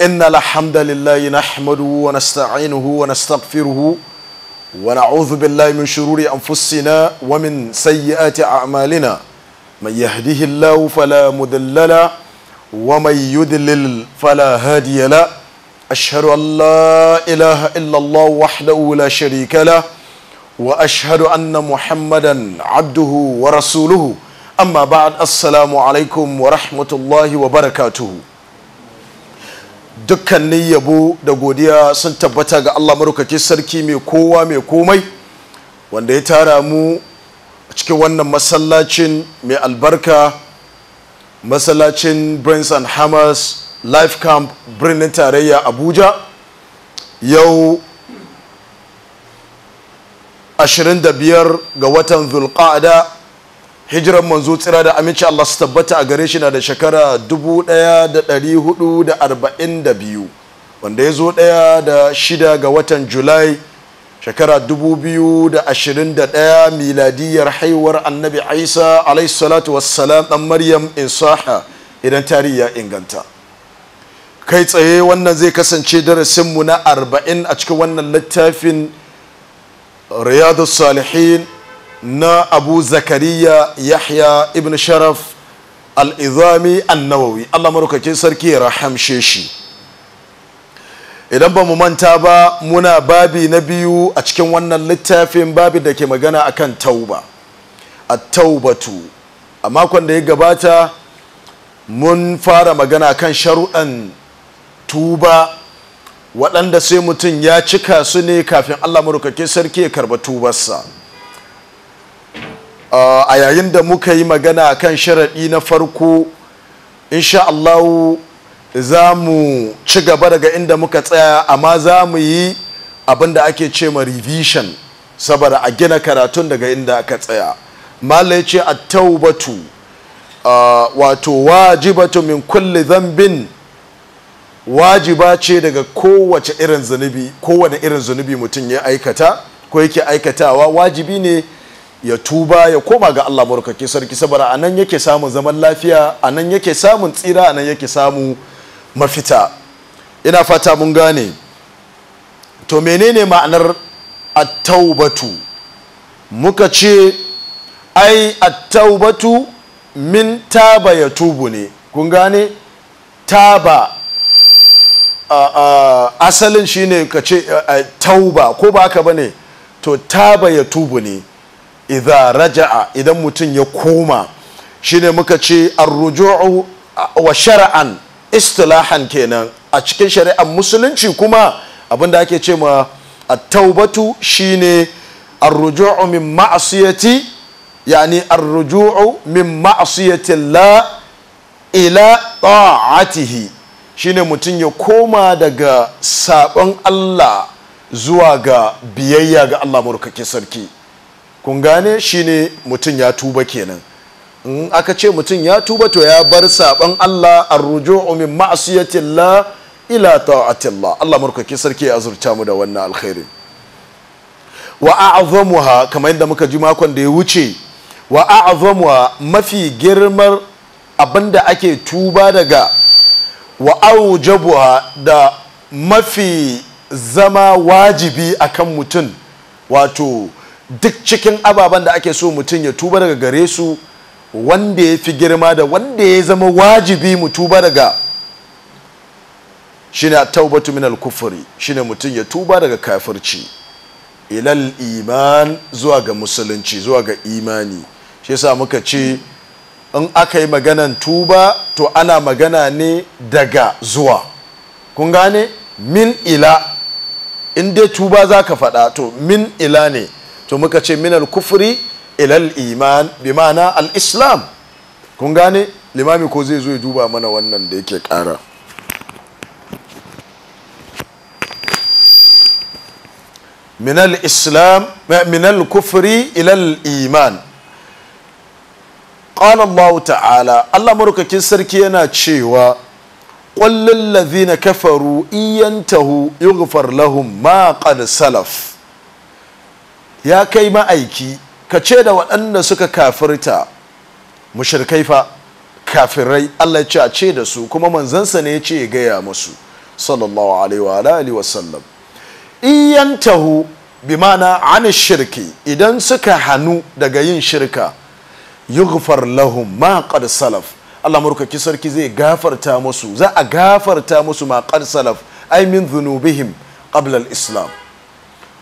إن الحمد لله نحمده ونستعينه ونستغفره ونعوذ بالله من شرور أنفسنا ومن سيئات أعمالنا من يهده الله فلا مذل له ومن يدلل فلا هادي له أشهد أن لا إله إلا الله وحده لا شريك له وأشهد أن محمدا عبده ورسوله أما بعد السلام عليكم ورحمة الله وبركاته dukkanin yabo da godiya sun tabbata ga Allah marukaci sarki mai kowa mai komai wanda ya tara mu a cikin wannan masallacin mai albarka masallacin brains and hammers life camp birnin tarayya abuja yau 25 ga watan zulqa'ada hijiran manzo tsira da aminci Allah su tabbata a gare shi na da shekara 1442 wanda ya zo ɗaya da shida ga watan julai shekara 2021 miladiyar haihuwar annabi isa salatu wassalam dan maryam insaha idan tarihi ya inganta kai tsaye wannan zai kasance darasinmu na 40 a cikin wannan littafin riyadu salihin na abu zakariya yahya ibn sharaf al'izami annawawi allah marukacin sarki ya rahamshe shi idan ba mu manta ba muna babi na biyu a cikin wannan littafin babi da ke magana akan tauba a taubatu a makon da ya gabata mun fara magana kan sharuɗan tuba waɗanda sai mutum ya cika su ne kafin allah marukacin sarki ya karba tubarsa Uh, a yayin da muka yi magana kan sharaɗi na farko insha Allah za mu ci gaba daga inda muka tsaya amma za mu yi abin da ake ce ma revision saboda a gina karatun daga inda aka tsaya mala ya ce a taubatu uh, wato wajibatu min kulli zambin wajiba ce daga kowace irin zunubi kowane irin zunubi mutum ya aikata ko yake aikatawa wajibi ne ya tuba ya koma ga Allah barkake sarki saboda anan yake samun zaman lafiya anan yake samun tsira anan yake samu mafita ina fata mun gane to menene ma'anar at-taubatu muka ce ai at-taubatu min taba ya tubu ne kun gane taba asalin shine ka ce tauba ko ba haka bane to taba ya tubu ne idza raja'a idan mutum ya koma shine muka ce arruju'u wa shara'an istilahan kenan a cikin shari'ar musulunci kuma abinda ake ce ma at-taubatu shine arruju'u min ma'siyati yani arruju'u min ma'siyati la ila ta'atihi shine mutum ya koma daga sabon Allah zuwa ga biyayya ga Allah murkake sarki kun gane shine mutum ya tuba kenan in aka ce mutum ya tuba to ya bar saban Allah arruju'u min ma'siyatillah ila ta'atillah Allah murkaki sarki ya azurta mu da wannan alkhairi wa a'zamuha kamar yadda muka ji makon da ya wuce wa a'zamuha mafi girmar abinda ake tuba daga wa aujabuha da mafi zama wajibi akan mutum wato duk cikin ababen da ake so mutum ya tuba daga gare su wanda ya fi girma da wanda ya zama wajibi mu tuba daga shine taubatu al kufuri shine mutum ya tuba daga kafirci ilal iman zuwa ga musulunci zuwa ga imani shi yasa muka ce in aka yi maganan tuba to ana magana ne daga zuwa kun gane min ila in dai tuba za ka faɗa to min ila ne to muka ce minal kufri ilal iman bi ma'ana al islam kun gane limami ko zai zo ya duba mana wannan da yake kara minal islam kufri ilal iman qala allah ta'ala allah marukakin sarki yana cewa qul lil ladhina kafaru iyantahu yughfar lahum ma qad salaf ya kai ma'aiki ka ce da waɗanda suka kafirta mushrikai fa kafirai Allah ce a ce da su kuma manzansa ne ya ce ya gaya musu sallallahu alaihi wa alihi wa sallam iyantahu bi mana an shirki idan suka hannu daga yin shirka yughfar lahum ma qad salaf Allah murkaki sarki zai gafarta musu za a gafarta musu ma qad salaf ay min dhunubihim qabla islam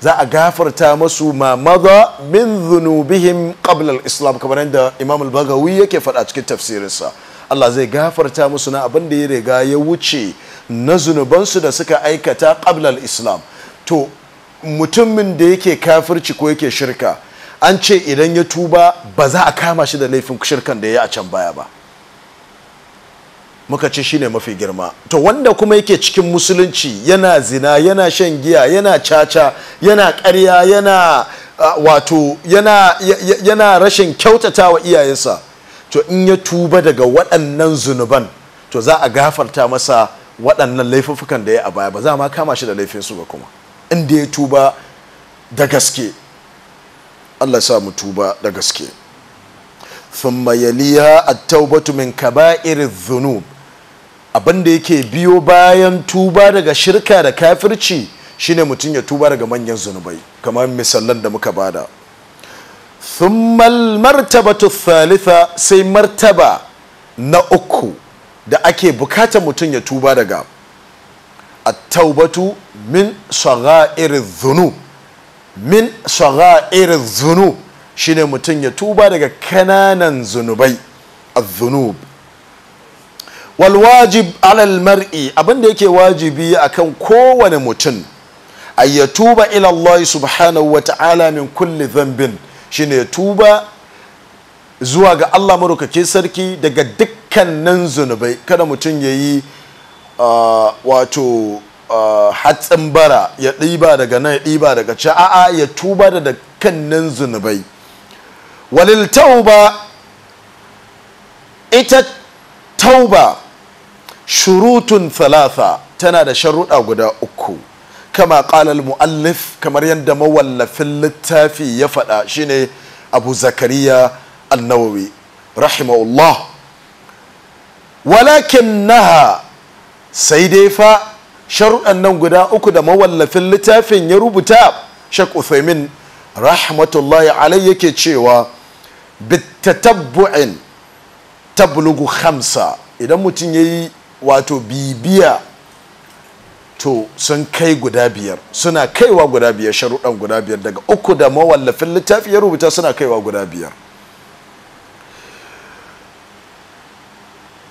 za a gafarta masu ma maza min zunubihim qabla islam kamar yadda Imam al bagawi yake faɗa cikin tafsirinsa Allah zai gafarta musu na abin da ya riga ya wuce na zunubansu da suka aikata qabla islam to mutumin da yake kafirci ko yake shirka an ce idan ya tuba ba za a kama shi da laifin shirkan da ya yi a can baya ba muka ce shine mafi girma to wanda kuma yake cikin musulunci yana zina yana shan giya yana caca yana ƙarya yana wato yana, yana rashin kyautata wa iyayensa to in ya tuba daga waɗannan zunuban to za a gafarta masa waɗannan laifuffukan da ya a baya ba za ma kama shi da laifin su ba kuma inda ya tuba da gaske Allah sa mu tuba da gaske ثم يليها taubatu min kaba'ir zunub. abin da yake biyo bayan tuba daga shirka da kafirci shine mutum ya tuba daga manyan zunubai kamar misalan da muka bada thummal martabatu thalitha sai martaba na uku da ake bukata mutum ya tuba daga at-taubatu min sagha'ir zunub min sagha'ir zunub shine mutum ya tuba daga kananan zunubai az dhunub wal alal mar'i abinda yake wajibi akan kowane mutum ayyatuba tuba Allah subhanahu wa ta'ala min kulli dhanbin shine tuba zuwa ga Allah marukake sarki daga dukkanin zunubai kada mutum ya yi wato hatsin bara ya ɗiba daga nan ya ɗiba daga can a'a ya tuba da dukkanin zunubai walil tauba ita tauba shurutun thalatha tana da sharuɗa guda uku kama ƙalal mu'allif kamar yadda mawallafin littafi ya faɗa shine abu zakariya annawawi rahimahullah walakin naha sai dai fa sharuɗan nan guda uku da mawallafin littafin ya rubuta shak uthaymin rahmatullahi alai yake cewa bitatabbu'in tablugu khamsa idan mutum ya yi wato bibiya to sun kai guda biyar suna kaiwa guda biyar sharuɗan guda biyar daga uku da mawallafin littafi ya rubuta suna kaiwa guda biyar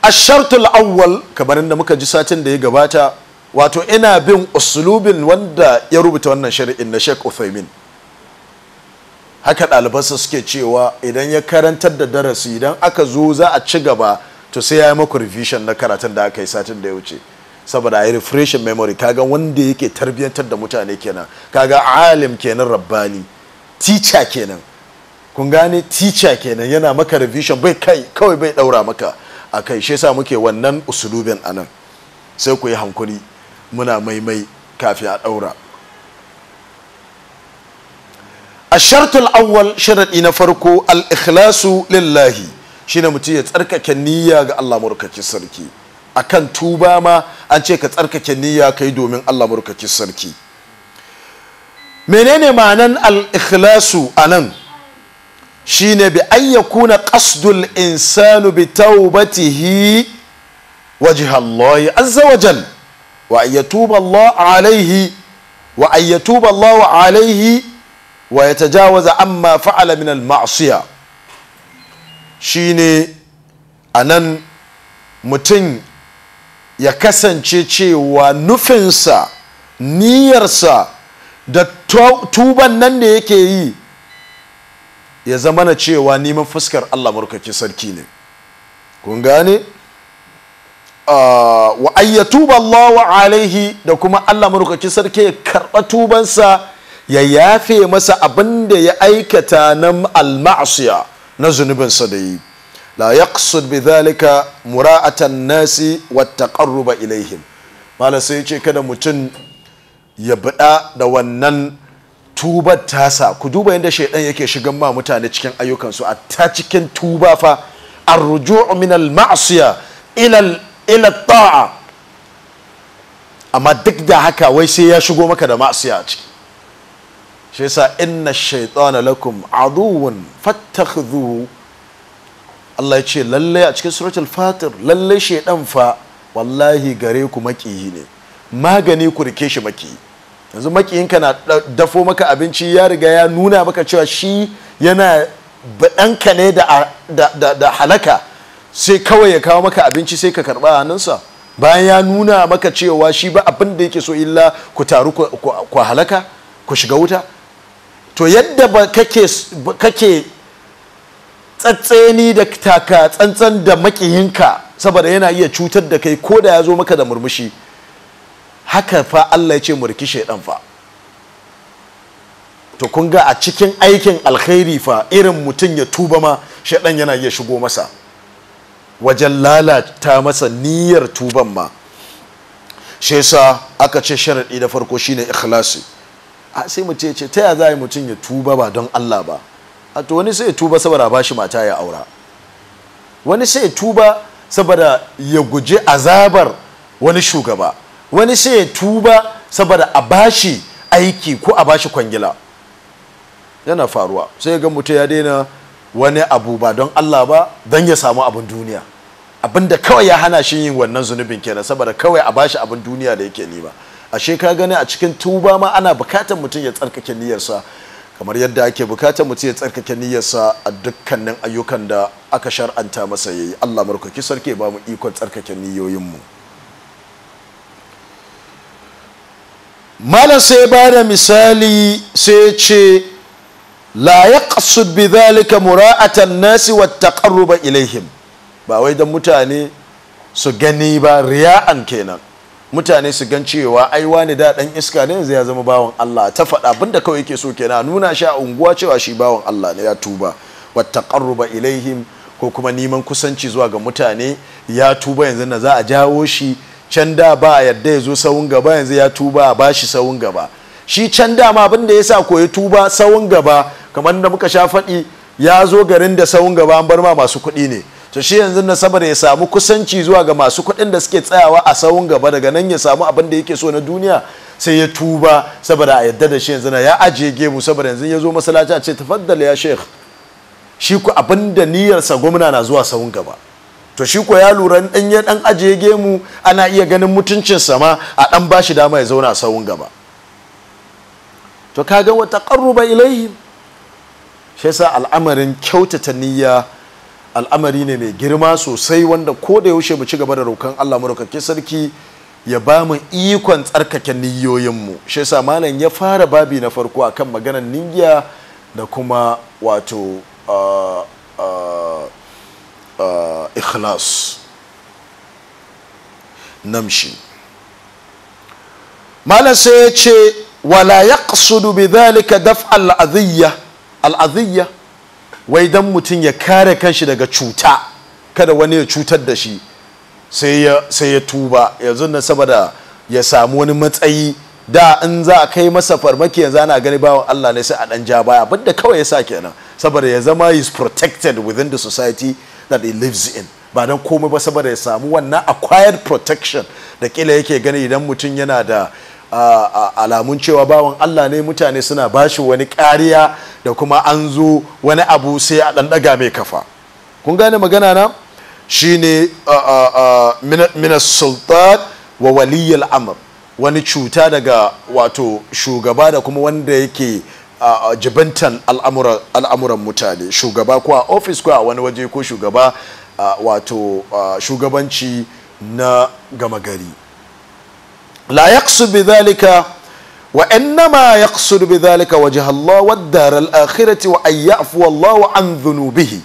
a ashartul awwal kamar inda muka ji satin da ya gabata wato ina bin usulubin wanda ya rubuta wannan shari'in na Sheikh Uthaymin haka ɗalibansa suke cewa idan ya karantar da darasi idan aka zo za a ci gaba to sai ya yi maku revision na karatun da aka yi satin da ya wuce saboda a yi refreshing memory kaga wanda yake tarbiyyantar da mutane kenan kaga alim kenan rabbani teacher kenan kun gane teacher kenan yana maka revision bai kai kawai bai daura maka a kai shi yasa muke wannan usulubin anan sai ku yi hankuri muna maimai kafi a daura awwal sharadi na farko al ikhlasu lillahi. shine mutum ya tsarkake niyya ga Allah murkaci sarki akan tuba ma an ce ka tsarkake niyya kai domin Allah murkaci sarki menene ma'anan al-ikhlasu anan shine bi ayyakuna qasdul insanu bi taubatihi Allah الله wa وجل Allah alayhi wa عليه Allah alayhi wa عليه ويتجاوز عما فعل من المعصية Shi ne a nan mutum ya kasance cewa nufinsa niyyarsa da tuban nan da yake yi ya zama na cewa neman fuskar allah murkaki sarki ne kun gane ah, wa ayyatuba Allah alaihi da kuma Allah murkaki sarki ya karɓa tubansa ya yafe masa abin da ya aikata na al maasiya na zunubinsa da yi la bi zalika mura'atan nasi wattaqarruba ilaihim malam sai ce kada mutum ya bada da wannan tubar tasa ku duba yadda shaidan yake shigan ma mutane cikin ayyukansu a ta cikin tuba fa arruju'u min al-ma'siya ila ila ta'a amma duk da haka wai sai ya shigo maka da ma'siya a ciki shi yasa inna shaytana lakum aduwwun fattakhidhuhu Allah ya ce lalle a cikin suratul fatir lalle shaydan fa wallahi gare ku makiyi ne magani ku rike shi makiyi yanzu makiyinka na dafo maka abinci ya riga ya nuna maka cewa shi yana baɗanka ne da, halaka sai kawai ya kawo maka abinci sai ka karɓa a hannunsa bayan ya nuna maka cewa shi ba abinda da yake so illa ku taru ku halaka ku shiga wuta to yadda ba kake kake tsatseni da taka tsantsan da makiyinka saboda yana iya cutar da kai ko da ya zo maka da murmushi haka fa Allah ya ce murki shaidan fa to kun ga a cikin aikin alkhairi fa irin mutum ya tuba ma shaidan yana iya shigo masa wajen lalata masa niyyar tuban ma shesa aka ce sharadi da farko shine ikhlasi a sai mu ce ce ta ya za mutum ya tuba ba don Allah ba a to wani sai ya tuba saboda ba shi mata ya aura wani sai ya tuba saboda ya guji azabar wani shugaba wani sai ya tuba saboda a bashi aiki ko a bashi kwangila yana faruwa sai ya ga mutu ya daina wani abu ba don Allah ba don ya samu abin duniya abinda kawai ya hana shi yin wannan zunubin kenan saboda kawai a bashi abin duniya da yake nema ashe ka gani a cikin tuba ma ana bukatar mutum ya tsarkake niyyarsa kamar yadda ake bukatar mutum ya tsarkake niyyarsa a dukkanin ayyukan da aka shar'anta masa yayi Allah markaki sarki ba mu ikon tsarkake mu. malam sai ba da misali sai ce la yaqsud bi dhalika mura'atan nasi wa taqarruba ilaihim ba wai dan mutane su gani ba riya'an kenan mutane su gan cewa ai wani da dan iska ne yanzu ya zama bawon Allah ta faɗa abinda kawai yake so kenan nuna shi a unguwa cewa shi bawon Allah ne ya tuba taqarruba ilaihim ko kuma neman kusanci zuwa ga mutane ya tuba yanzu na za a jawo shi can da ba a yadda ya zo sawun gaba yanzu ya tuba a shi sawun gaba shi can da ma da ya sa koyi tuba sawun gaba kamar da muka sha faɗi ya zo garin da sawun gaba an bar ma masu kuɗi ne to shi yanzu na da ya samu kusanci zuwa ga masu kuɗin da suke tsayawa a sawun gaba daga nan ya samu abin da yake so na duniya sai ya tuba saboda a yadda da shi yanzu na ya ajiye gemu saboda yanzu ya zo masallaci a ce tafaddala ya sheikh shi ku abin da niyyarsa gwamna na zuwa sawun gaba to shi ko ya lura dan ya dan ajiye gemu ana iya ganin mutuncin sa ma a dan bashi dama ya zauna a sawun gaba to kaga wa taqarruba ilaihim shi yasa al'amarin kyautata niyya al'amari ne mai girma sosai wanda ko da yaushe mu ci gaba da rokan Allah madaukake sarki ya ba mu ikon tsarkake niyoyinmu shi yasa malam ya fara babi na farko akan maganar niyya da kuma wato ikhlas namshi malam sai ya ce wala yaqsudu bidhalika daf'a al-adhiyya al-adhiyya wai dan mutum ya kare kanshi daga cuta kada wani ya cutar da shi sai ya tuba yanzu nan saboda ya samu wani matsayi da in za a kai masa farmaki yanzu ana gani bawan Allah ne sai a dan ja baya abinda kawai ya sa kenan saboda ya zama is protected within the society that he lives in ba dan komai ba saboda ya samu wannan acquired protection da kila yake gani idan mutum yana da alamun cewa bawan Allah ne mutane suna bashi wani kariya da kuma an zo wani abu sai a ɗanɗaga mai kafa kun gane magana na shine minas sultan wa Waliyyar amur wani cuta daga wato shugaba da kuma wanda yake jibantan al'amuran mutane shugaba ko a ofis ko a wani waje ko shugaba wato shugabanci na gama gari la yaqsud bi dhalika wa innama yaqsud bi dhalika wajha Allah wa dar al akhirati wa ayyafu Allah an dhunubihi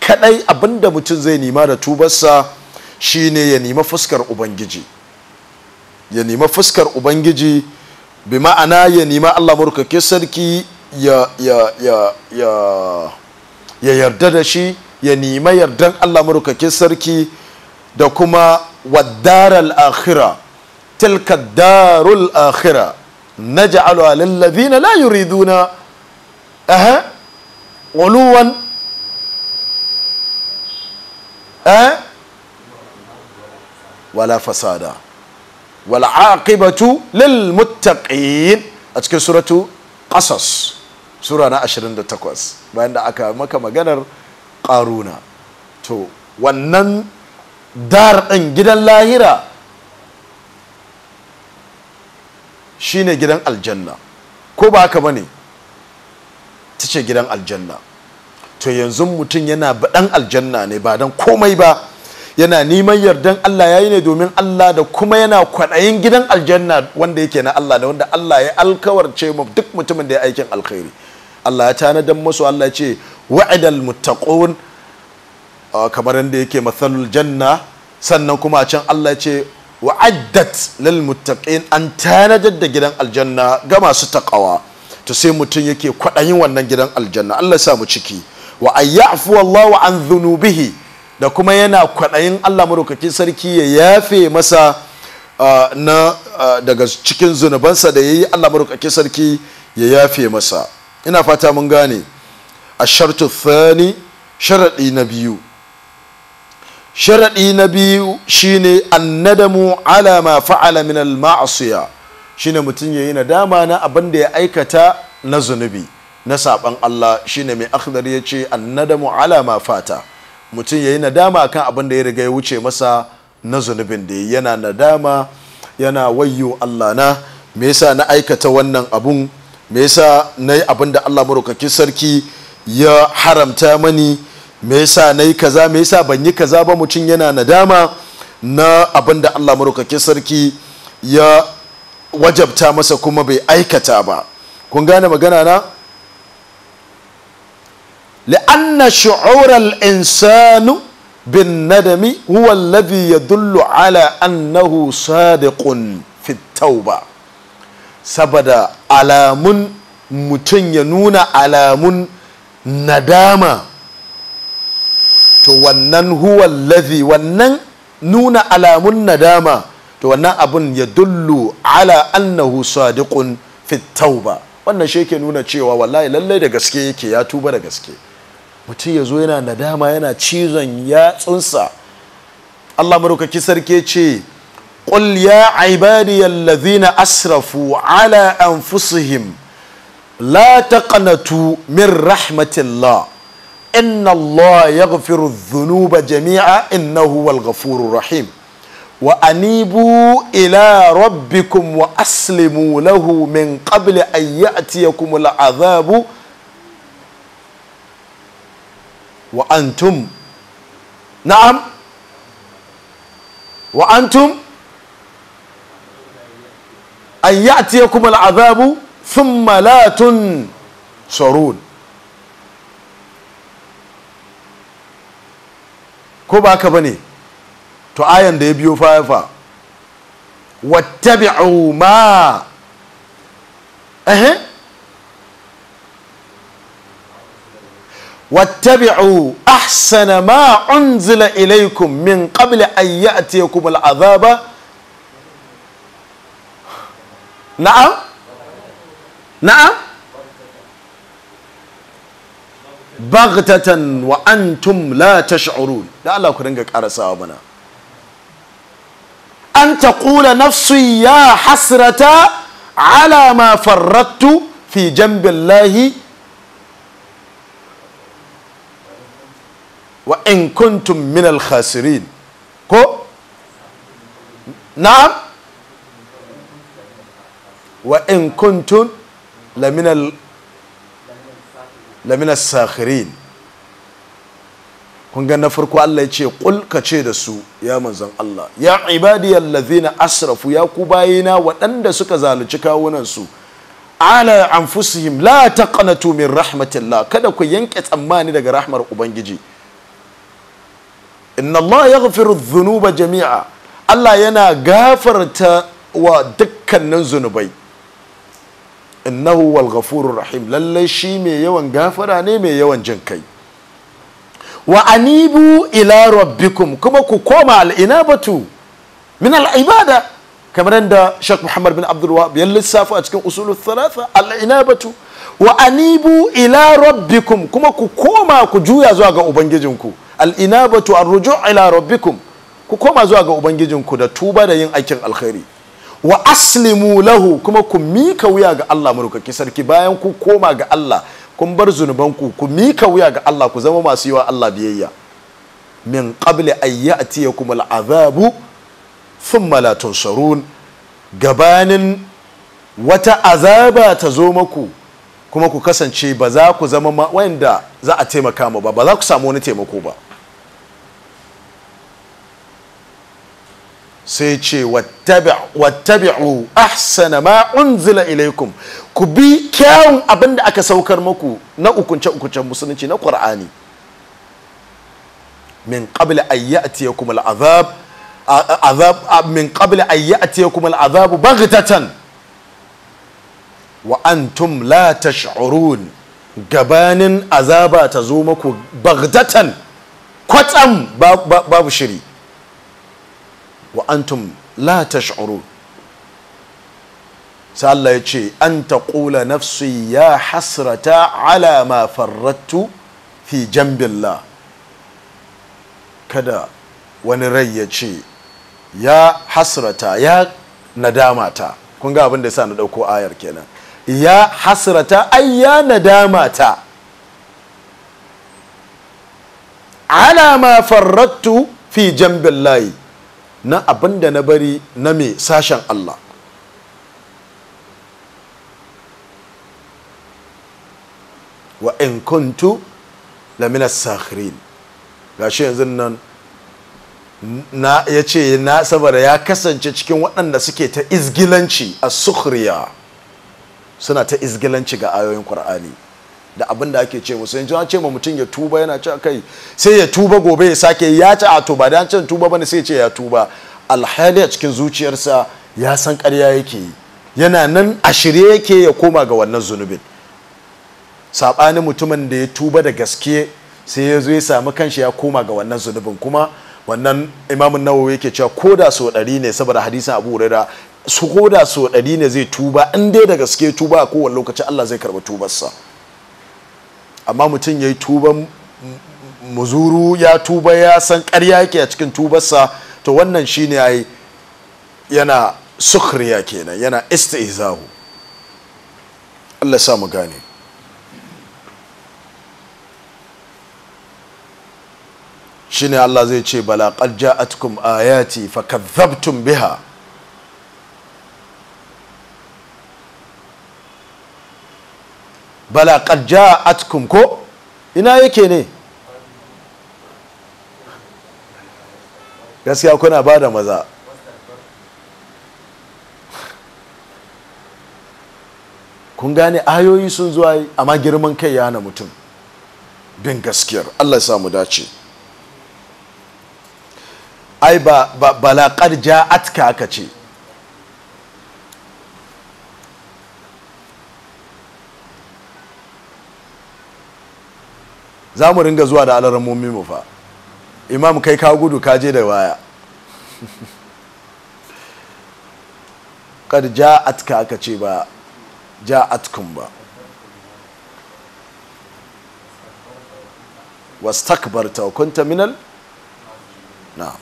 kaɗai abinda mutum zai nema da tubarsa shine ya nima fuskar ubangiji ya nima fuskar ubangiji bi ma'ana ya nima Allah murkake sarki ya yarda da shi ya nema yardan Allah murkake sarki da kuma wadaral akhira تلك الدار الآخرة نجعلها للذين لا يريدون أها علوا أه ولا فسادا والعاقبة للمتقين أتكلم سورة قصص sura na 28 bayan da aka maka maganar ƙaruna to wannan dar ɗin gidan lahira shine gidan aljanna ko ba haka bane ta ce gidan aljanna to yanzu mutum yana baɗan aljanna ne ba dan komai ba yana neman yardan Allah yayi ne domin Allah da kuma yana kwaɗayin gidan aljanna wanda yake na Allah da wanda Allah ya alkawarce mu duk mutumin da ya aikin alkhairi Allah ya tanadan musu Allah ce wa'idal muttaqun ah, kamar yadda yake masalul janna sannan kuma can Allah ce wa'addat lil muttaqin an tanadar da gidan aljanna ga masu taqawa to sai mutum yake kwaɗayin wannan gidan aljanna Allah sa mu ciki wa ayyafu Allahu an dhunubihi da kuma yana kwaɗayin Allah madaukakin sarki ya yafe masa na daga cikin zunubansa da yayi Allah madaukakin sarki ya yafe masa ina fata mun gane a shartu thani sharadi na biyu sharaɗi na biyu shine annadamu ala ma fa'ala min al ma'asiya shine mutum yayi nadama na abin da ya aikata na zunubi na saban Allah shine mai akhdar ya ce annadamu ala ma fata mutum yayi nadama kan abin da ya riga ya wuce masa na zunubin da yana nadama yana wayyo Allah na me yasa na aikata wannan abun me yasa nayi abin da Allah maraukakin sarki ya haramta mani me yasa nayi kaza me yasa ban yi kaza ba mutum yana nadama na abin da Allah maraukakin sarki ya wajabta masa kuma bai aikata ba kun gane magana na li'anna shu'ural insanu bin nadami huwa alladhi yadullu ala annahu sadiqun fi tauba saboda alamun mutum ya nuna alamun nadama to wannan huwa lafi wannan nuna alamun nadama to wannan abun ya dullu ala annahu sadiqun fit tauba wannan shi yake nuna cewa wallahi lallai da gaske yake ya tuba da gaske mutum ya zo yana nadama yana cizon ya tsunsa Allah marukaci sarki ce qul ya ibadiyal ladhina asrafu ala an anfusihim la ƙanatu min rahmatillah إن الله يغفر الذنوب جميعا إنه هو الغفور الرحيم وأنيبوا إلى ربكم وأسلموا له من قبل أن يأتيكم العذاب وأنتم نعم وأنتم أن يأتيكم العذاب ثم لا تنصرون ko ba haka bane to ayan da ya biyo fayafa wattabi'u ma ehe wattabi'u ahsana ma unzila ilaikum min qabli an ya'tiyakum al'azaba na'am na'am بغتة وأنتم لا تشعرون لا الله كرنجك على سوابنا أن تقول نفسي يا حسرة على ما فردت في جنب الله وإن كنتم من الخاسرين كو نعم وإن كنتم لمن lamina sakhirin kun na farko Allah ya ce qul ka ce da su ya manzon Allah ya ibadiyallazina asrafu ya ku bayina waɗanda suka zalunci kawunan su ala anfusihim la taqnatu min rahmatillah kada ku yanke tsammani daga rahmar ubangiji inna Allah yaghfiru dhunuba jami'a Allah yana gafarta wa dukkanin zunubai innahu wal ghafurur rahim lallai shi mai yawan gafara ne mai yawan jin kai wa anibu ila rabbikum kuma ku koma al'inabatu min al'ibada kamar yadda Sheikh Muhammad bin Abdul Wahab ya lissafa a cikin usul thalatha al'inabatu wa anibu ila rabbikum kuma ku koma ku juya zuwa ga ubangijinku al'inabatu arruju ila rabbikum ku koma zuwa ga ubangijinku da tuba da yin aikin alkhairi wa aslimu lahu kuma ku mika wuya ga Allah murkaki sarki bayan ku koma ga Allah kun bar zunubanku ku mika wuya ga Allah ku zama masu yi Allah biyayya min qabli an ya'tiyakum al'azabu thumma la tunsarun gabanin wata azaba ta zo maku kuma ku kasance ba za ku zama wanda za a taimaka ma ba ba za ku samu wani taimako ba sai ce wattabi'u ahsana ma unzila ilaikum ku bi kyawun abin da aka saukar muku na ukunce ukunce musulunci na qur'ani min qabli an ya'tiyakum al'azab azab min qabla an ya'tiyakum al'azab baghtatan wa antum la tash'urun gabanin azaba ta zo muku baghtatan kwatsam babu shiri wa antum la tash'uru sai Allah ya ce an ta kula nafsi ya hasrata ala ma farrattu fi jambilla kada wani rai ya ce ya hasrata ya nadamata kun ga abin da sa na dauko ayar kenan ya hasrata ai ya nadamata ala ma farrattu fi jambillahi na abin da na bari na mai sashen Allah wa in kuntu lamina sakhirin gashi yanzu nan na ya ce na saboda ya kasance cikin waɗanda suke ta izgilanci a sukhriya suna ta izgilanci ga ayoyin ƙur'ani da abin da ake ce musu yanzu an ce ma mutum ya tuba yana ce kai sai ya tuba gobe ya sake ya ci a to ba da an tuba bane sai ya ce ya tuba alhali a cikin zuciyarsa ya san ƙarya yake yi yana nan a shirye yake ya koma ga wannan zunubin saɓanin mutumin da ya tuba da gaske sai ya zo ya samu kanshi ya koma ga wannan zunubin kuma wannan imamun nawawi yake cewa ko da so ɗari ne saboda hadisin abu hurairah su ko da so ɗari ne zai tuba in dai da gaske tuba a kowane lokaci allah zai karɓi tubarsa amma mutum ya yi tuban muzuru ya tuba ya san ƙarya yake a cikin tubarsa to wannan shine yi yana sukhriya kenan yana istizahu Allah sa mu gane shi ne Allah zai ce bala ja'atkum ayati fakadhabtum biha bala a atkun ko ina yake ne gaskiya kuna ba da maza kun gane ayoyi sun zuwa amma girman kai ya hana mutum bin gaskiyar allah ya mu dace ai ba balaƙar ja'atka aka ce za mu ringa zuwa da alarammomi mu fa imam kai ka gudu ka je da waya kad ja'atka aka ce ba ja'atkum ba wastakbarta wa kunta minal na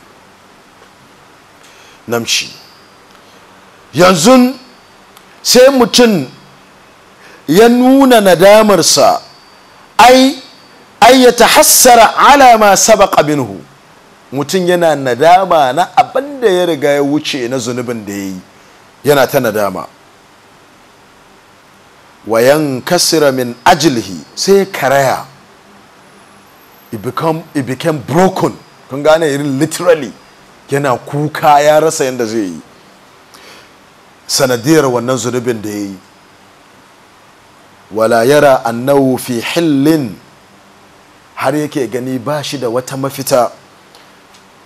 namshi yanzu sai mutum ya nuna nadamarsa ai an yi ta hassara alama sabaqa minhu mutum yana nadama na abin da ya riga ya wuce na zunubin da ya yi yana ta nadama wayan kasira min ajilhi sai karaya it became, became broken kun gane irin literally yana kuka ya rasa yadda zai yi sanadiyar wannan zunubin da ya yi wala yara annahu fi hillin har yake gani ba shi da wata mafita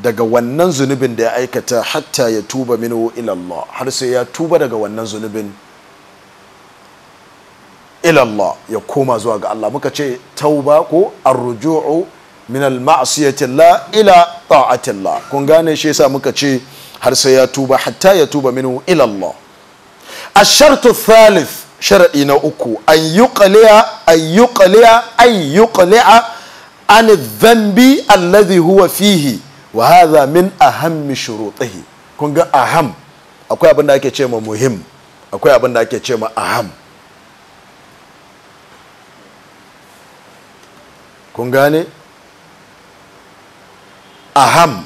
daga wannan zunubin da ya aikata hatta ya tuba minu ila har sai ya tuba daga wannan zunubin ila ya koma zuwa ga Allah muka ce tauba ko arruju'u min al-ma'siyati ila ta'ati Allah kun gane shi yasa muka ce har sai ya tuba hatta ya tuba minu ila Allah ash-shartu thalith sharadi na uku an yuqliya an an dhanbi alladhi huwa fihi wa hadha min ahammi shurutihi kun ga aham akwai abin da ake ce ma muhim akwai abin da ake ce ma aham kun gane aham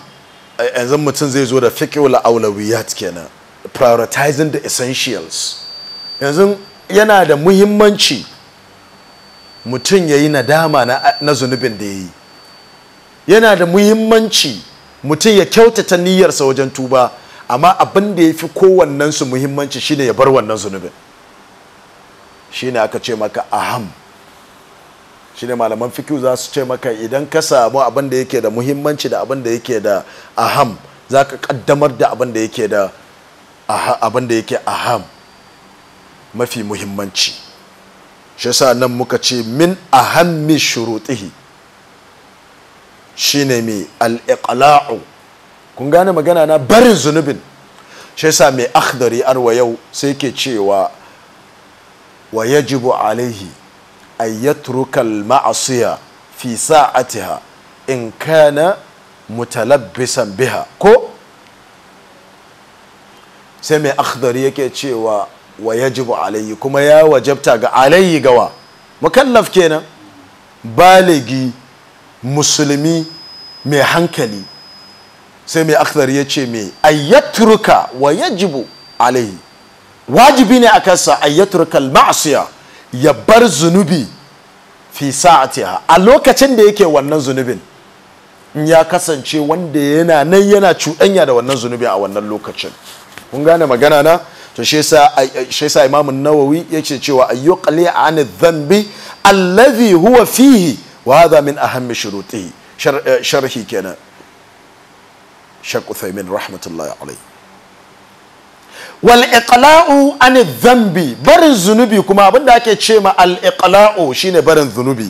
yanzu mutum zai zo da fiqhul aulawiyat kenan prioritizing the essentials yanzu yana da muhimmanci mutum ya yi nadama na zunubin da ya yi yana da muhimmanci mutum ya kyautata niyyarsa wajen tuba amma abin da ya fi kowannensu muhimmanci shine ya bar wannan zunubin shine aka ce maka aham shine malaman fikiyu za su ce maka idan ka samu abin da yake da muhimmanci da abin da yake da aham za ka kaddamar da abin da yake da aham mafi muhimmanci shi yasa nan muka ce min ahammi shi shine mai al'iƙala'u kun gane magana na barin zunubin shi yasa mai akhdari arwa yau sai ke cewa wa yajibu alaihi an maasiya fi sa'atiha in kana mutalabbisan biha ko sai mai akhdari yake cewa wa yajibu alayhi kuma ya wajabta ga alayhi gawa mukallaf kenan baligi musulmi mai hankali sai mai akhtar ya ce mai ayyaturka wa yajibu alayhi wajibi ne a kansa ayyatruka al-ma'siya ya bar zunubi fi sa'atiha a lokacin da yake wannan zunubin in ya kasance wanda yana nan yana cuɗanya da wannan zunubi a wannan lokacin kun gane magana na to shi yasa Imam Nawawi yake cewa ayyuqali an dhanbi alladhi huwa fihi wa hadha min ahamm shurutihi eh, sharhi kenan Sheikh Uthaymeen rahmatullahi alayhi wal iqla'u an dhanbi barin zunubi kuma abinda ake ce ma al iqla'u shine barin zunubi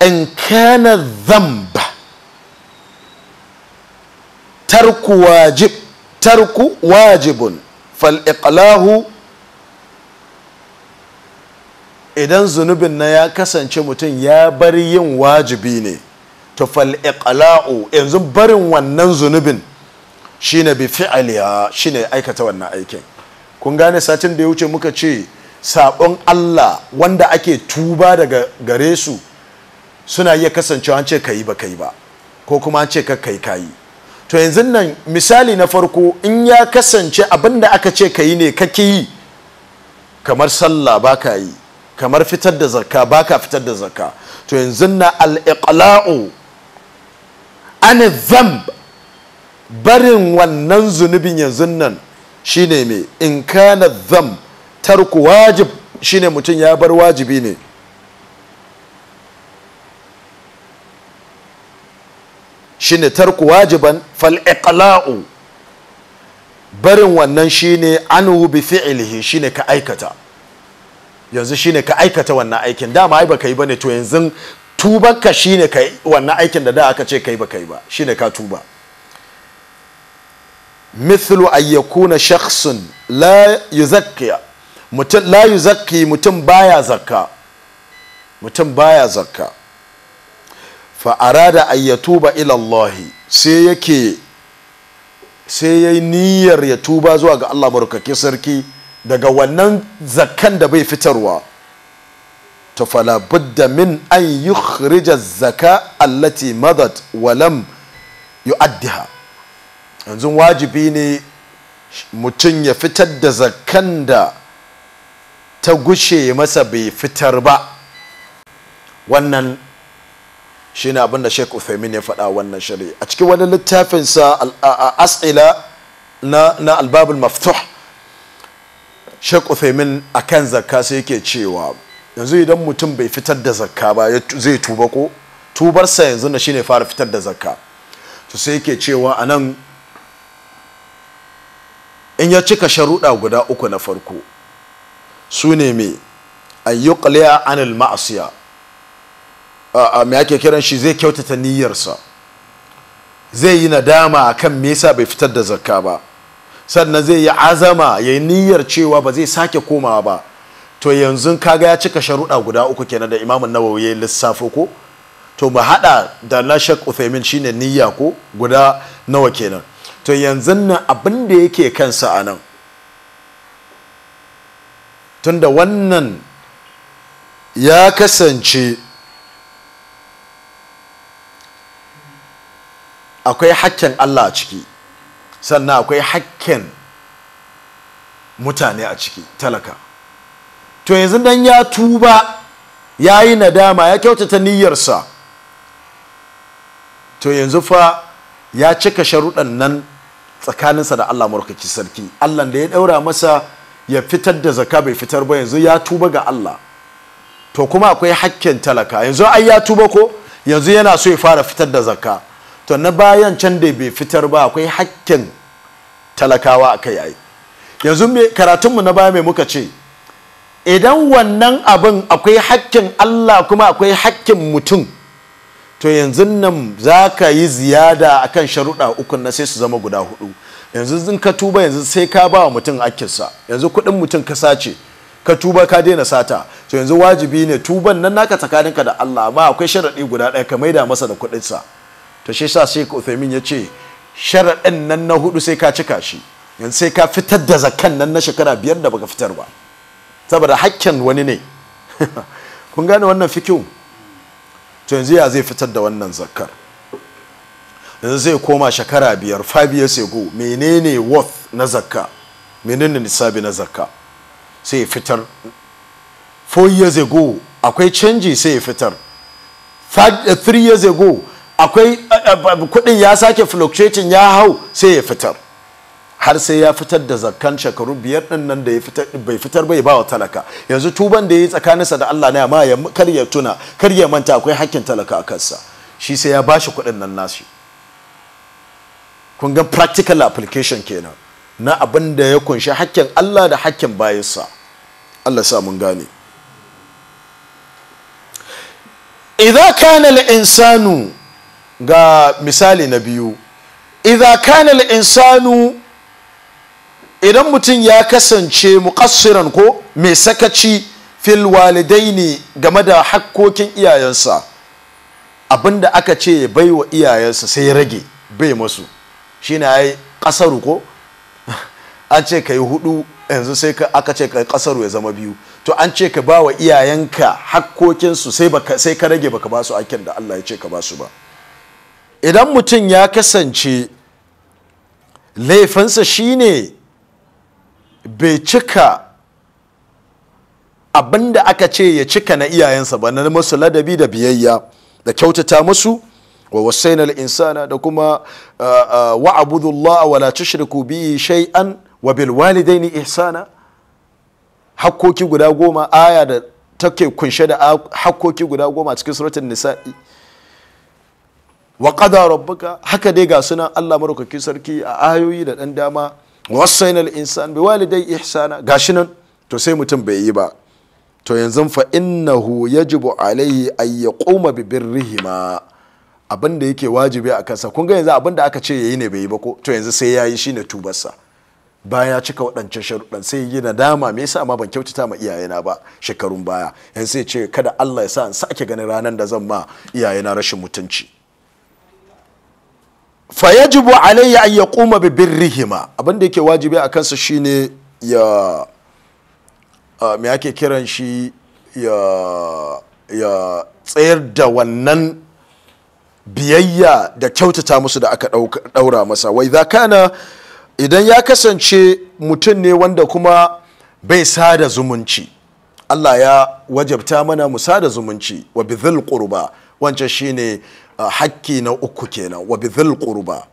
in kana dhanba tarku wajib tarku wajibun fal idan zunubin na ya kasance mutum ya bar yin wajibi ne to fal yanzu barin wannan zunubin shine bi fi'aliya shine aikata wannan aikin kun gane satin da ya wuce muka ce sabon Allah wanda ake tuba daga gare su suna iya kasancewa an ce kai ba kai ba ko kuma an ce ka kai kayi to yanzu nan misali na farko in ya kasance abin da aka ce ka yi ne kake yi kamar sallah ba ka yi kamar fitar da zakka ba ka fitar da zakka to yanzu na al'iqla'u an zamb barin wannan zunubin yanzu nan shine mai in kana zamb tarku wajib shine mutum ya bar wajibi ne shine tarku wajiban fal iqla'u barin wannan shine anhu bi fi'lihi shine ka aikata yanzu shine ka aikata wannan aikin dama ai baka yi bane to yanzu tubarka shine ka wannan aikin da da aka ce kai baka yi ba shine ka tuba mithlu an yakuna shakhsun la yuzakki mutum la yuzakki mutum baya zakka mutum baya zakka fa arada an ya tuba ilallahi sai yake sai yayi niyyar ya tuba zuwa ga Allah barkake sarki daga wannan zakan da bai fitarwa ta fala budda min an yi khirija zaka allati madat walam lam yu'addiha yanzu wajibi ne mutum ya fitar da zakan da ta gushe masa bai fitar ba wannan shine abin da Sheikh Uthaymeen ya faɗa wannan shari'a a cikin wani littafin sa as'ila na na albab al-maftuh Sheikh Uthaymeen akan zakka sai yake cewa yanzu idan mutum bai fitar da zakka ba zai tuba ko tubar sa yanzu na shine fara fitar da zakka to sai yake cewa anan in ya cika sharuɗa guda uku na farko su ne me an anil ma'asiya me ake kiran shi zai kyautata niyyarsa zai yi nadama akan me yasa bai fitar da zakka ba sannan zai yi azama ya yi niyyar cewa ba zai sake komawa ba to yanzu kaga ya cika sharuɗa guda uku kenan da imamun nawawi ya lissafo ko to mu haɗa da na shak shine niyya ko guda nawa kenan to yanzu nan abin da yake kansa a nan tunda wannan ya kasance akwai hakken Allah a ciki sannan akwai hakken mutane a ciki talaka to yanzu dan ya tuba ya yi nadama ya kyautata niyyarsa to yanzu fa ya cika sharuɗan nan tsakaninsa da Allah markaci sarki Allah da ya ɗaura masa ya fitar da zaka bai fitar ba yanzu ya tuba ga Allah to kuma akwai hakken talaka yanzu ai ya tuba ko yanzu yana so ya fara fitar da zakka to na bayan can da bai fitar ba akwai hakkin talakawa a yayi yanzu karatunmu na baya mai muka ce idan wannan abin akwai hakkin Allah kuma akwai hakkin mutum to yanzu nan za ka yi ziyada a kan sharuɗa uku na sai su zama guda hudu yanzu zin ka tuba yanzu sai ka ba wa mutum akinsa. yanzu kuɗin mutum ka sace ka tuba ka daina sata to yanzu wajibi ne tuban nan naka tsakaninka da Allah amma akwai sharaɗi guda ɗaya ka maida masa da kuɗinsa to shi sa sai Uthaymin ya ce sharaɗin nan na hudu sai ka cika shi yanzu sai ka fitar da zakan nan na shekara biyar da baka fitar ba saboda hakkin wani ne kun gane wannan fikin to yanzu ya zai fitar da wannan zakar yanzu zai koma shekara biyar five years ago menene worth na zakka menene nisabi na zakka sai ya fitar four years ago akwai canji sai ya fitar eh, three years ago akwai kudin ya sake fluctuating ya hau sai ya fitar har sai ya fitar da zakkan shekaru biyar din nan da ya fitar bai fitar bai ba wa talaka yanzu tuban da yayi tsakanin tsakaninsa da Allah ne amma ya kar ya tuna kar ya manta akwai hakkin talaka a kansa shi sai ya bashi kudin nan nasu kun ga practical application kenan na abin da ya kunshi hakkin Allah da hakkin bayansa Allah sa mun gane idza kana al-insanu ga misali na biyu idan kana insanu idan mutum ya kasance muqassiran ko mai sakaci fil walidaini game da hakkokin iyayensa abinda aka ce ya bai wa iyayensa sai rage bai masu shine ai kasaru ko an ce ka yi hudu yanzu sai aka ce ka kasaru ya zama biyu to an ce ka ba wa iyayenka hakkokinsu sai ka rage baka ba su aikin da Allah ya ce ka ba su ba idan mutum ya kasance laifinsa shine bai cika abinda aka ce ya cika na iyayensa ba na musu ladabi da biyayya da kyautata musu wa wasainal insana da kuma wa abudullah wa la tushriku bi shay'an wa bil walidaini ihsana hakkoki guda goma aya da take kunshe da hakkoki guda goma cikin suratul nisa'i wa qada rabbuka haka dai ga sunan Allah maraukakin sarki a ayoyi da dan dama wasaina al-insan bi walidai ihsana gashi nan to sai mutum bai yi ba to yanzu fa innahu yajibu alaihi an yaquma bi birrihima abin yake wajibi a kansa kun ga yanzu abin da aka ce yayi ne bai yi ba ko to yanzu sai yayi shine tubarsa baya cika waɗancan sharuɗan sai yi nadama me yasa ma ban kyautata ma iyayena ba shekarun baya yanzu sai ce kada Allah ya sa in sake ganin ranar da zan ma iyayena rashin mutunci fayajibu alayya an yaquma bi birrihima abin da yake wajibi a kansa shine ya ah, me ake kiran shi ya tsayar da wannan biyayya da kyautata musu da aka daura masa wai za kana idan ya kasance mutum ne wanda kuma bai sada zumunci Allah ya wajabta mana mu sada zumunci wa bizil qurba wancan shine Ah, hakki na uku kenan wa bidhil qurba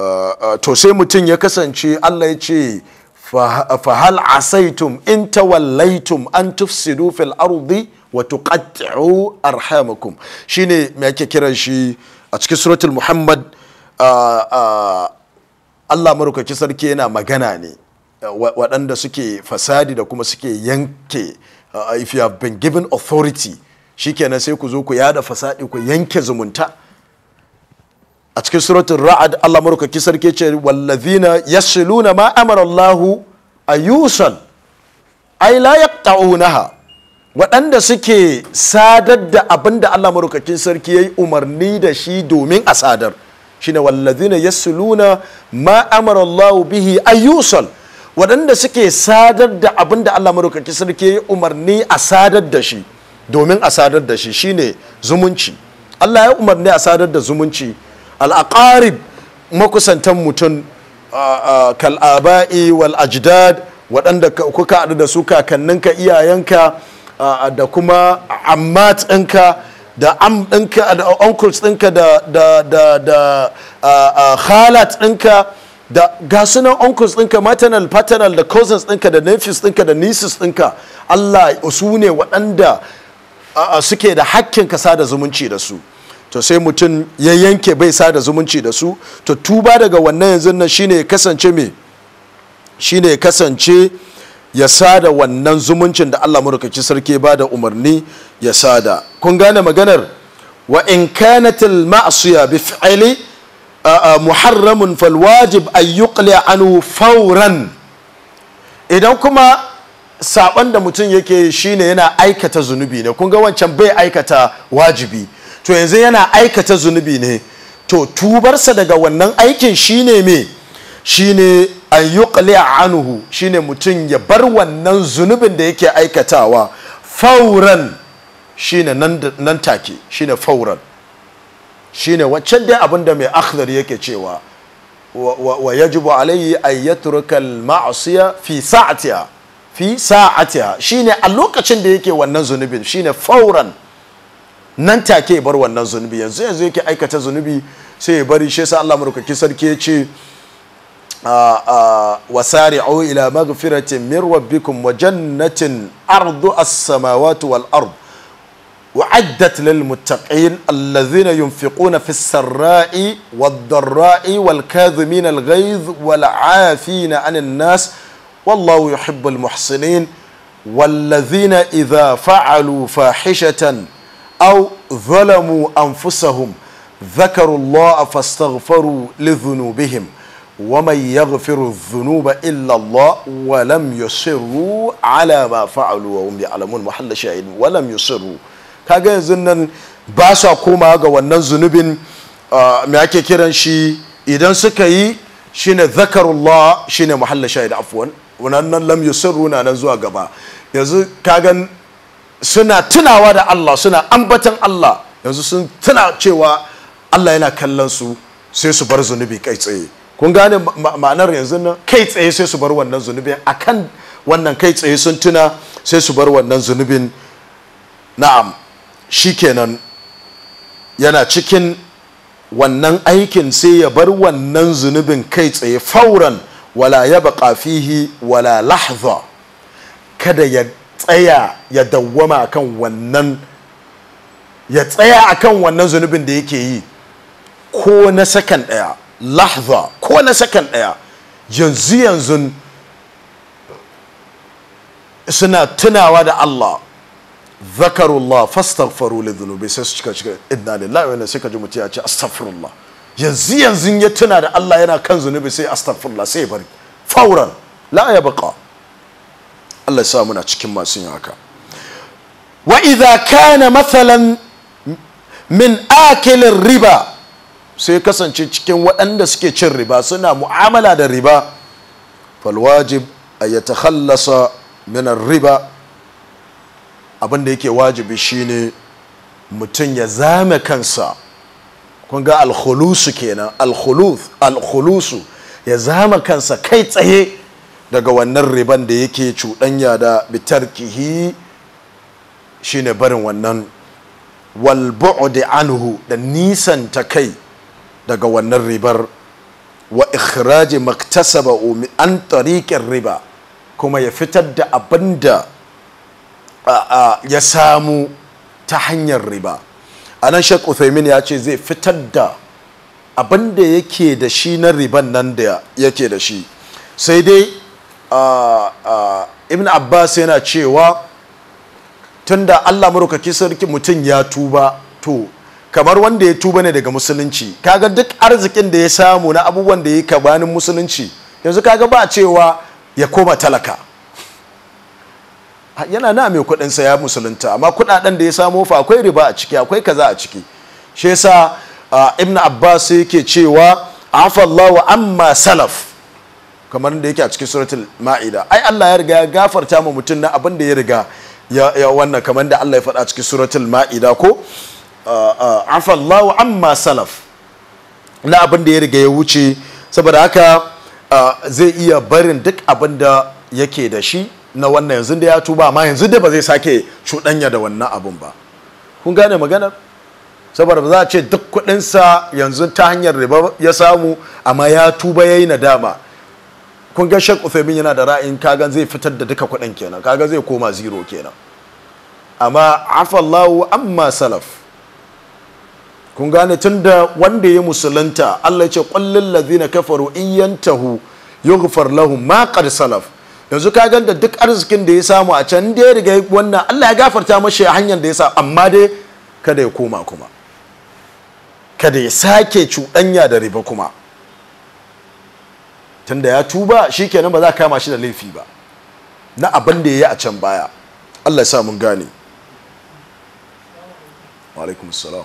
ah, ah, to sai mutum ya kasance Allah ya ce fa hal asaitum in tawallaitum an tufsidu fil ardi wa tuqatti'u arhamakum shine me ake kiran shi a cikin suratul muhammad Allah marukaci sarki yana magana ne waɗanda suke fasadi da kuma suke yanke if you have been given authority shikenan sai ku zo ku yada fasadi ku yanke zumunta a cikin suratul ra'ad Allah kisar sarki ce wallazina yasluna ma amara Allah ayusan ai la yaqta'unaha waɗanda suke sadar da abin da Allah marukaki sarki yi umarni da shi domin a sadar shine wallazina yasluna ma amara Allah bihi ayusal waɗanda suke sadar da abin da Allah marukaki sarki yi umarni a sadar da shi domin a sadar da shi shine zumunci Allah ya umarni a sadar da zumunci al'aqarib makusantan mutum kal'aba'i wal ajdad waɗanda kuka haɗu da su kakanninka iyayenka da kuma ammat ɗinka da am ɗinka da uncles ɗinka da da khalat ɗinka da ga sunan ɗinka maternal paternal da cousins ɗinka da nephews ɗinka da nieces ɗinka Allah su ne waɗanda suke da hakkin ka sada zumunci da su to sai mutum ya yanke bai sada zumunci da su to tuba daga wannan yanzu nan shine ya kasance me shine ya kasance ya sada wannan zumuncin da Allah murkaci sarki ba da umarni ya sada kun gane maganar wa in kanat al ma'siya bi fi'li muharramun fal wajib an anhu fawran idan kuma saban da mutum yake shine yana aikata zunubi ne kun ga wancan bai aikata wajibi to yanzu yana aikata zunubi ne to tubarsa daga wannan aikin shine me shine an yuqli anhu shine mutum ya bar wannan zunubin da yake aikatawa fauran shine nan take shine fauran shine waccan dai abin da mai akhdar yake cewa wa yajibu alayhi an yatruka al-ma'siya fi sa'atiha fi sa'atiha shine a lokacin da yake wannan zunubin shine fauran nan take bar wannan zunubi yanzu yanzu yake aikata zunubi sai ya bari shi sa Allah murkaki sarki ya ce wasari'u ila maghfiratin min rabbikum wa jannatin ardu as-samawati wal ard وعدت للمتقين الذين ينفقون في السراء والضراء والكاظمين الغيظ والعافين عن الناس والله يحب المحسنين والذين إذا فعلوا فاحشة أو ظلموا أنفسهم ذكروا الله فاستغفروا لذنوبهم ومن يغفر الذنوب إلا الله ولم يصروا على ما فعلوا وهم يعلمون محل شاهد ولم يصروا كاغا yanzu باسا كوما غا koma ga wannan zunubin me ake kiran shi idan suka yi shine zakarullah shine muhalla shahid afwan wannan lam yusirru na nan zuwa gaba yanzu kagan suna tunawa da Allah suna ambatan Allah yanzu sun tuna cewa Allah yana kallon su sai su bar zunubi kai tsaye kun gane ma'anar yanzu nan kai tsaye sai su bar wannan zunubin akan wannan kai tsaye sun tuna sai su bar wannan zunubin na'am shikenan yana cikin wannan aikin sai ya bar wannan zunubin kai tsaye fauran wala baka fihi wala lahza kada ya tsaya ya dawwama akan wannan ya tsaya akan wannan zunubin da yake yi ko na sakan daya lahza ko na sakan daya yanzu yanzu suna tunawa da Allah zakarullah fastaghfaru lidhunubi sai su cika cika inna lillahi wa inna ilaihi raji'un ya ce astaghfirullah yanzu yanzu ya tuna da Allah yana kan zunubi sai astaghfirullah sai bari fauran la ya baka Allah ya sa muna cikin masu yin haka wa idza kana mathalan min akilin riba sai kasance cikin waɗanda suke cin riba suna mu'amala da riba falwajib a ya takhallasa min riba abinda yake wajibi shine mutum ya zame kansa kun ga alkhulusu kenan alkhuluth alkhulusu ya zama kansa kai tsaye daga wannan riban da yake cuɗanya da bitarkihi shine barin wannan wal da anhu da nisan ta kai daga wannan ribar wa ikhraji maktasaba an tariqir riba kuma ya fitar da abinda ya samu ta hanyar riba anan nan shek uthaymin ya ce zai fitar da abin da yake da shi na riban nan da yake da shi sai dai ibn abbas yana cewa tunda allah marukaki sarki mutum ya tuba to kamar wanda ya tuba ne daga musulunci kaga duk arzikin da ya samu na abubuwan da ya kabanin musulunci yanzu kaga ba cewa ya koma talaka yana na mai kuɗin sa ya musulunta amma kuɗaɗen da ya samo fa akwai riba a ciki akwai kaza a ciki shi yasa ibn abbas yake cewa wa amma salaf kamar da yake a cikin suratul ma'ida ai Allah ya riga ya gafarta mu mutum na abin da ya riga ya wannan kamar da Allah ya faɗa a cikin suratul ma'ida ko wa amma salaf na abin da ya riga ya wuce saboda haka zai iya barin duk abin da yake da shi na wannan yanzu da ya tuba amma yanzu da ba zai sake cuɗanya da wannan abun ba kun gane maganar saboda ba za a ce duk kuɗinsa yanzu ta hanyar riba ya samu amma ya tuba ya yi nadama kun ga shek uthaymin yana da ra'ayin kaga zai fitar da duka kuɗin kenan kaga zai koma ziro kenan amma afallahu amma salaf kun gane tunda wanda ya musulunta Allah ya ce qul lil ladina kafaru in yantahu yughfar lahum ma qad salaf yanzu ka ganta duk arzikin da ya samu a can da ya riga wannan Allah ya gafarta mashi hanyar da ya sa amma dai kada ya koma kuma kada ya sake cuɗanya da riba kuma tunda ya tuba shi kenan ba za ka kama shi da laifi ba na abin da ya yi a can baya Allah ya sa mun gane wa alaikum salam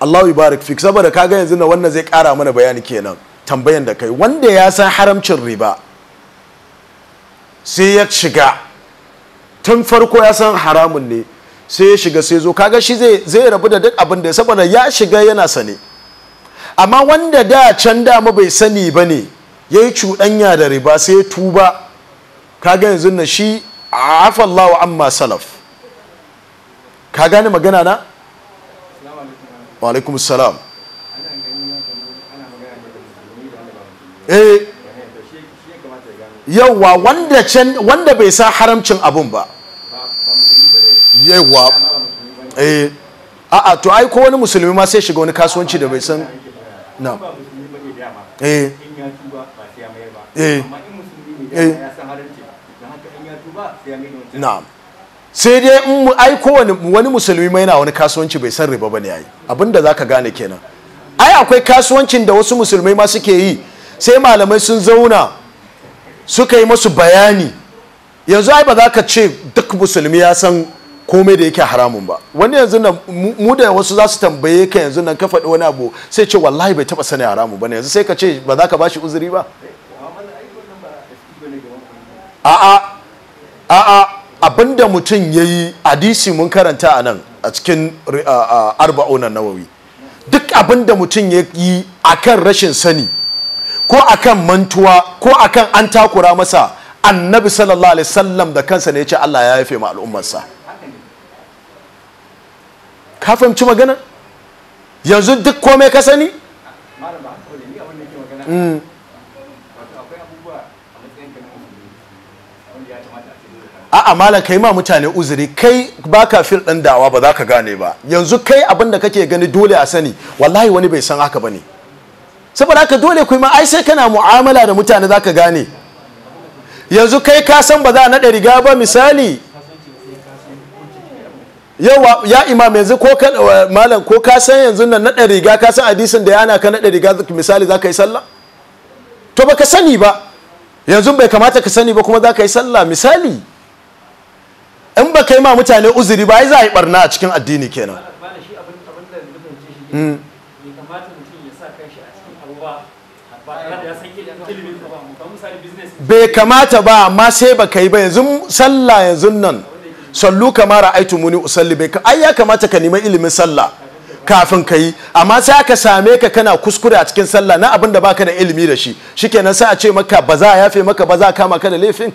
Allahu barik fik saboda kaga yanzu na wannan zai kara mana bayani kenan tambayan da kai wanda ya san haramcin riba sai ya shiga tun farko ya san haramun ne sai ya shiga sai zo kaga shi zai zai rabu da duk abin da saboda ya shiga yana sane amma wanda da can dama bai sani ba ne ya yi cuɗanya da riba sai ya tuba kaga yanzu na shi afallahu amma salaf ka gane magana na alaikum salam eh yawa wanda can wanda bai sa haramcin abun ba yawa eh a'a to ai ko wani musulmi ma sai shiga wani kasuwanci da bai san na eh eh eh na'am sai dai in mu ai kowane wani musulmi mai na wani kasuwanci bai san riba bane abin abinda zaka gane kenan ai akwai kasuwancin da wasu musulmai ma suke yi sai malamai sun zauna suka yi musu bayani yanzu ai ba za ka ce duk musulmi ya san komai da yake haramun ba wani yanzu nan mu da wasu za su tambaye ka yanzu nan ka faɗi wani abu sai ce wallahi bai taba sani haramun ba ne yanzu sai ka ce ba za ka bashi uzuri ba eh, a'a a'a abinda mutum ya yi hadisi mun karanta a nan a cikin arba'unan nawawi duk abinda mutum ya yi akan rashin sani ko akan mantuwa ko akan an takura masa annabi sallallahu alaihi sallam da kansa ne ya ce Allah ya yafe ma al'ummarsa ka fahimci magana yanzu duk komai ka sani a'a malam kai ma mutane uzuri kai baka fil din dawa ba za ka gane ba yanzu kai abin da kake gani dole a sani wallahi wani bai san haka bane saboda haka dole ma ai sai kana mu'amala da mutane za ka gane yanzu kai ka san ba za a naɗa riga ba misali yawa ya imam yanzu ko ka eh, malam ko ka san yanzu nan naɗa riga ka san hadisin da yana ka naɗa riga misali za ka yi sallah to baka sani ba yanzu bai kamata ka sani ba kuma za ka yi sallah misali in ba kai ma mutane uzuri ba za a barna a cikin addini kenan bai kamata ba amma sai ba kai ba yanzu sallah yanzu nan sallu kamar aitu muni usalli bai ai ya kamata ka nemi ilimin sallah kafin ka yi amma sai aka same ka kana kuskure a cikin sallah na abin da baka da ilimi da shi shikenan sai a ce maka ba za a yafe maka ba za a kama ka da laifin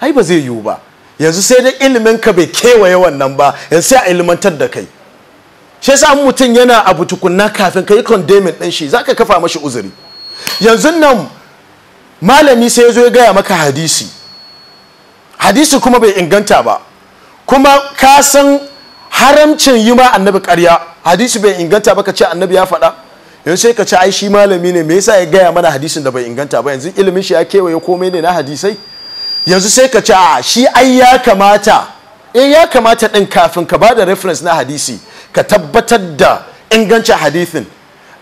ai ba zai yiwu ba yanzu sai dai ilimin ka bai kewaye wannan ba yanzu sai a ilimantar da kai shi yasa mutum yana abu tukunna kafin ka yi condemning din shi zaka kafa mashi uzuri yanzu nan malami sai yazo ya gaya maka hadisi hadisi kuma bai inganta ba kuma ka san haramcin yi ma annabi ƙarya hadisi bai inganta ba ka ce annabi ya faɗa yanzu sai ka ce ai shi malami ne me yasa ya gaya mana hadisin da bai inganta ba yanzu ilimin shi ya kewaye komai ne na hadisai yanzu sai ka ce a shi ai ya kamata in eh, ya kamata din kafin ka bada reference na hadisi ka tabbatar da ingancin hadisin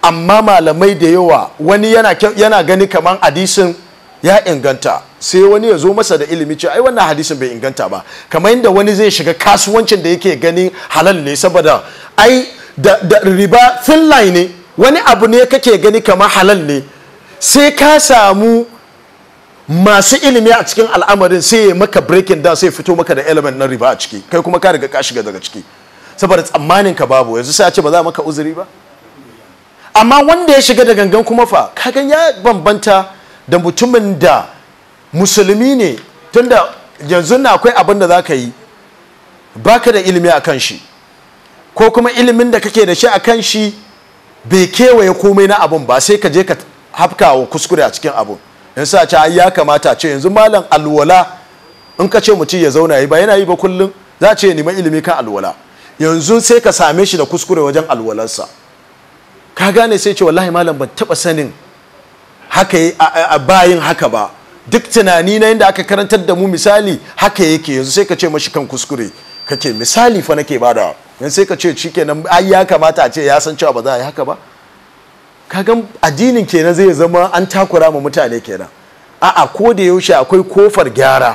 amma malamai da yawa wani yana, gani kamar hadisin ya inganta sai wani ya zo masa da ilimi ce ai wannan hadisin bai inganta ba kamar yadda wani zai shiga kasuwancin da yake gani halal ne saboda ai da, riba thin ne wani abu ne kake gani kamar halal ne sai ka samu masu ilimi a cikin al'amarin sai ya maka breaking down sai fito maka da element na riba a ciki kai kuma ka riga ka shiga daga ciki saboda tsammanin ka babu yanzu sai a ce ba za maka uzuri ba amma wanda ya shiga da gangan kuma fa kagan ya bambanta da mutumin da musulmi ne tunda yanzu na akwai abin da za ka yi baka da ilimi a kan shi ko kuma ilimin da kake da shi a kan shi bai kewaye komai na abun ba sai ka je ka hafka wa kuskure a cikin abun in sa ci ya kamata ce yanzu malam alwala in ka ce mutum ya zauna yi ba yana yi ba kullum za ce ya neman ilimi kan alwala yanzu sai ka same shi da kuskure wajen alwalarsa ka gane sai ce wallahi malam ban taba sanin haka a bayin haka ba duk tunani na yadda aka karantar da mu misali haka yake yanzu sai ka ce mashi kan kuskure ka misali fa nake bada yanzu sai ka ce shikenan ai ya kamata a ce ya san cewa ba za a yi haka ba kagan addinin kenan zai zama an takura ma mutane kenan a'a ko da yaushe akwai kofar gyara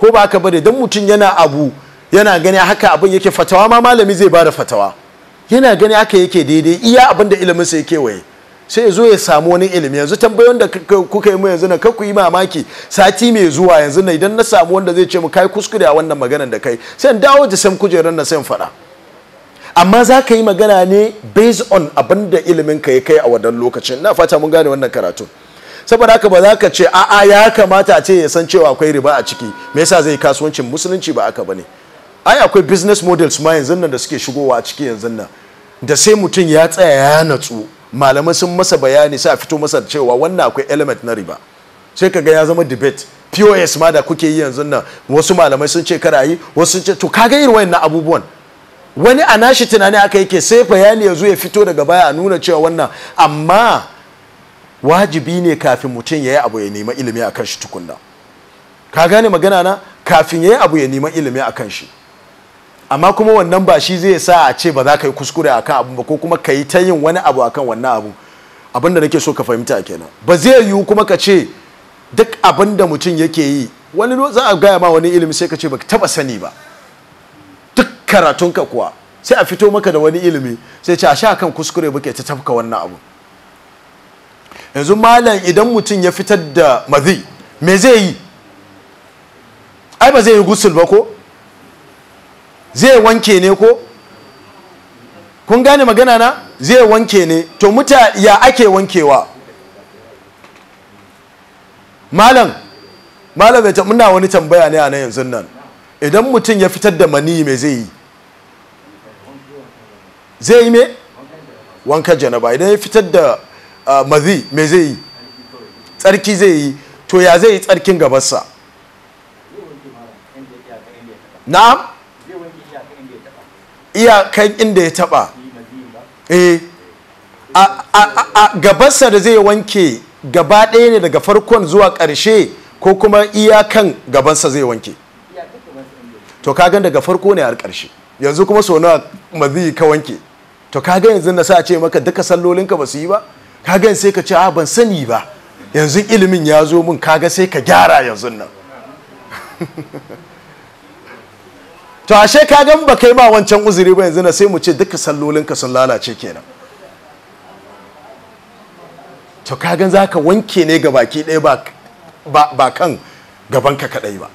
ko ba ka bari dan mutum yana abu yana gani haka abin yake fatawa ma malami zai bada fatawa yana gani haka yake daidai iya abin da ilimin sa yake waye sai zo ya samu wani ilimi yanzu tambayoyin da kuka yi mu yanzu na ku yi mamaki sati mai zuwa yanzu na idan na samu wanda zai ce mu kai kuskure a wannan maganar da kai sai dawo da sam kujerar na sai faɗa amma za ka yi magana ne based on abin da ilimin ka ya kai a wadannan lokacin na fata mun gane wannan karatu. saboda haka ba za ka ce a'a ya kamata a ce ya san cewa akwai riba a ciki me yasa zai kasuwancin musulunci ba aka bane ai akwai business models ma yanzu nan da suke shigowa a ciki yanzu nan da sai mutum ya tsaya ya natsu malamai sun masa bayani sai a fito masa cewa wannan akwai element na riba sai ka ga ya zama debate pos ma da kuke yi yanzu nan wasu malamai sun ce kara yi wasu ce to kaga irin wayannan abubuwan wani a nashi tunani aka yake sai bayani ya zo ya fito daga baya a nuna cewa wannan amma wajibi ne kafin mutum ya yi abu ya nema ilimi a kan shi tukunna ka gane magana na kafin ya yi abu ya nema ilimi a kan shi amma kuma wannan ba shi zai sa a ce ba za ka yi kuskure a kan abu ba ko kuma ka yi ta yin wani abu a kan wannan abu abinda nake so ka fahimta kenan ba zai yiwu kuma ka ce duk abin da mutum yake yi wani za a gaya ma wani ilimi sai ka ce ba taba sani ba karatunka kuwa sai a fito maka da wani ilimi sai ce a sha kan kuskure muke ta tafka wannan abu yanzu malam idan mutum ya fitar da mazi me zai yi ai ba zai yi gusul ba ko zai wanke ne ko kun gane magana na zai wanke ne to muta ya ake wankewa malam malam ta muna wani tambaya ne a nan yanzu nan idan mutum ya fitar da mani me zai yi zai yi me wanka janaba idan ya fitar da ah, mazi me zai yi tsarki zai yi to ya zai yi tsarkin gabarsa na'am iyakan inda ya taba eh a gabarsa da zai wanke gaba ɗaya ne daga farkon zuwa ƙarshe ko kuma iyakan gabansa zai wanke to kagan daga farko ne har ƙarshe yanzu kuma so nawa mazi ka wanke to kaga yanzu na sa ce maka duka sallolinka ba su yi ba kaga sai ka ce a ah, ban sani ba yanzu ilimin ya zo min kaga sai ka gyara yanzu nan to ashe kaga ba kai ma wancan uzuri ba yanzu na sai mu ce duka sallolinka sun lalace kenan to kaga za ka wanke ne ga baki ɗaya ba kan gabanka kaɗai ba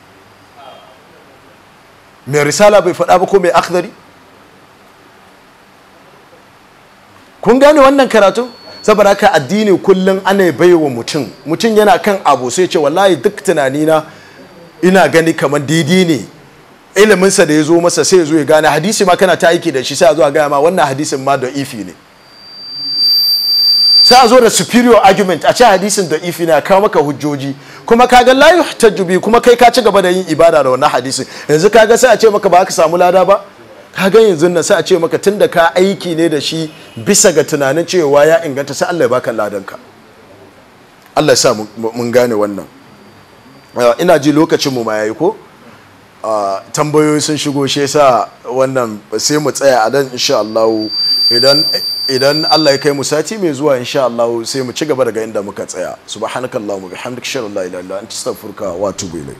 mai risala bai faɗa ba ko mai akhdari kun gane wannan karatu saboda haka addini kullum ana baiwa mutum mutum yana kan abu sai ce wallahi duk tunanina ina gani kamar didi ne iliminsa da ya zo masa sai ya zo ya gane hadisi ma kana ta aiki da shi sai a zo a gaya ma wannan hadisin ma da ifi ne sai a zo da superior argument a ce hadisin da ifi ne a kawo maka hujjoji kuma ka la yuhtaju kuma kai ka ci gaba da yin ibada da wannan hadisin yanzu ka kaga sai a ce maka ba ka samu lada ba Ka ga yanzu na sai a ce maka tunda ka aiki ne da shi bisa ga tunanin cewa ya inganta sai Allah ya baka ladanka Allah ya sa mun gane wannan ah, ina ji lokacin mu ma yayi ko ah, tambayoyi sun shigo shi yasa wannan sai mu tsaya a dan insha Allah idan idan Allah ya kai mu sati mai zuwa insha Allah sai mu ci gaba daga inda muka tsaya subhanakallahumma bihamdika la ilaha illa anta astaghfiruka wa atubu ilayk